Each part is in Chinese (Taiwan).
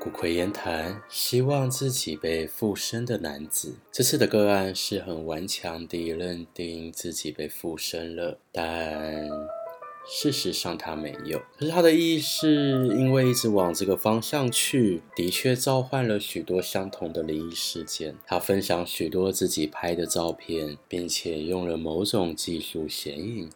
骨灰言談，希望自己被附身的男子，這次的個案是很頑強地認定自己被附身了，但事實上他沒有。可是他的意識因為一直往這個方向去，的確召喚了許多相同的靈異事件。他分享許多自己拍的照片，並且用了某種技術顯影。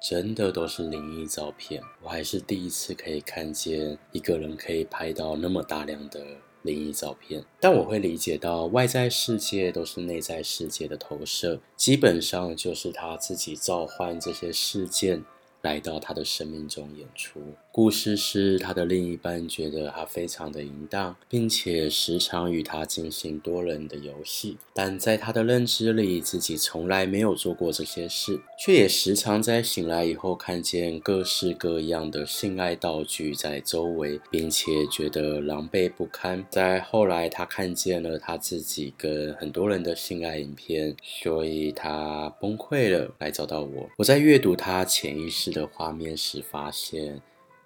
真的都是靈異照片，我還是第一次可以看見一個人可以拍到那麼大量的靈異照片。但我會理解到，外在世界都是內在世界的投射，基本上就是他自己召喚這些事件，來到他的生命中演出。故事是他的另一半覺得他非常的淫蕩，並且時常與他進行多人的遊戲。但在他的認知裡，自己從來沒有做過這些事，卻也時常在醒來以後看見各式各樣的性愛道具在周圍，並且覺得狼狽不堪。在後來，他看見了他自己跟很多人的性愛影片，所以他崩潰了，來找到我。我在閱讀他潛意識的畫面時發現，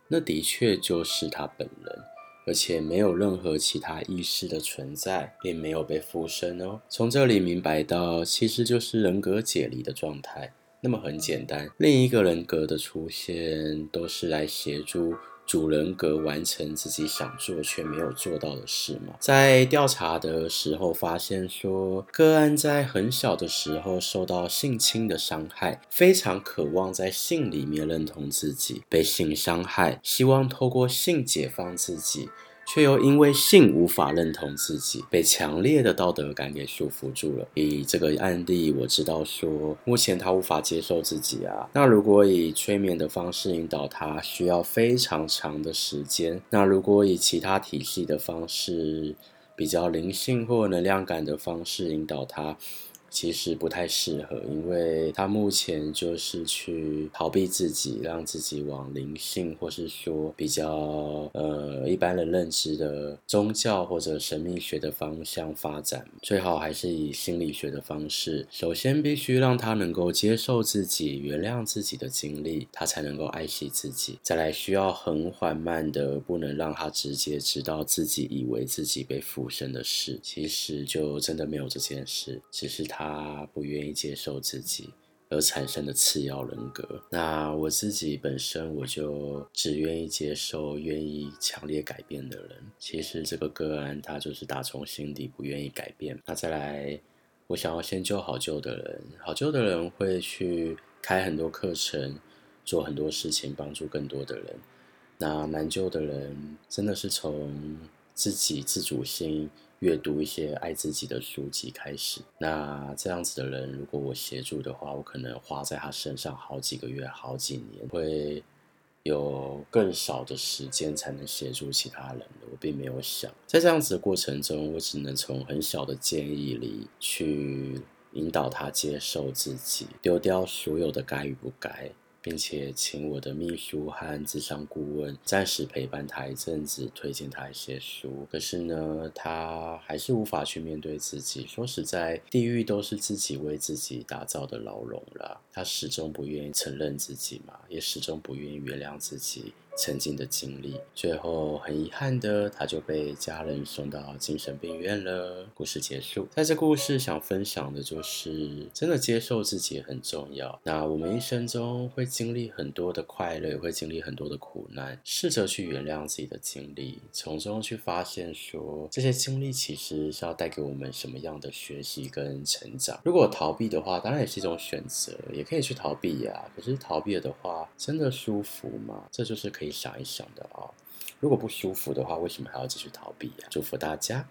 那的確就是他本人，而且沒有任何其他意識的存在，也沒有被附身哦。從這裡明白到，其實就是人格解離的狀態。那麼很簡單，另一個人格的出現都是來協助。主人格完成自己想做卻沒有做到的事嗎？在調查的時候發現說，說個案在很小的時候受到性侵的傷害，非常渴望在性裡面認同自己，被性傷害，希望透過性解放自己。卻又因為性無法認同自己，被強烈的道德感給束縛住了。以這個案例，我知道說，目前他無法接受自己啊。那如果以催眠的方式引導他，需要非常長的時間。那如果以其他體系的方式，比較靈性或能量感的方式引導他。其實不太適合，因為他目前就是去逃避自己，讓自己往靈性或是說比較呃一般人認知的宗教或者神秘學的方向發展。最好還是以心理學的方式，首先必須讓他能夠接受自己、原諒自己的經歷，他才能夠愛惜自己。再來，需要很緩慢的，不能讓他直接知道自己以為自己被附身的事，其實就真的沒有這件事，只是他。他不願意接受自己而產生的次要人格。那我自己本身，我就只願意接受願意強烈改變的人。其實這個個案，他就是打從心底不願意改變。那再來，我想要先救好救的人，好救的人會去開很多課程，做很多事情幫助更多的人。那難救的人真的是從自己自主心。閱讀一些愛自己的書籍開始。那這樣子的人，如果我協助的話，我可能花在他身上好幾個月、好幾年，會有更少的時間才能協助其他人。我並沒有想。在這樣子的過程中，我只能從很小的建議裡去引導他接受自己，丟掉所有的該與不該。並且請我的秘書和智商顧問暫時陪伴他一陣子，推薦他一些書。可是呢，他還是無法去面對自己。說實在，地獄都是自己為自己打造的牢籠了。他始終不願意承認自己嘛，也始終不願意原諒自己。曾經的經歷，最後很遺憾的，他就被家人送到精神病院了。故事結束。在這故事想分享的就是，真的接受自己很重要。那我們一生中會經歷很多的快樂，會經歷很多的苦難，試着去原諒自己的經歷，從中去發現說這些經歷其實是要帶給我們什麼樣的學習跟成長。如果逃避的話，當然也是一種選擇，也可以去逃避呀、啊。可是逃避了的話，真的舒服嗎？這就是。可以想一想的啊、哦。如果不舒服的話，為什麼還要繼續逃避呀、啊？祝福大家。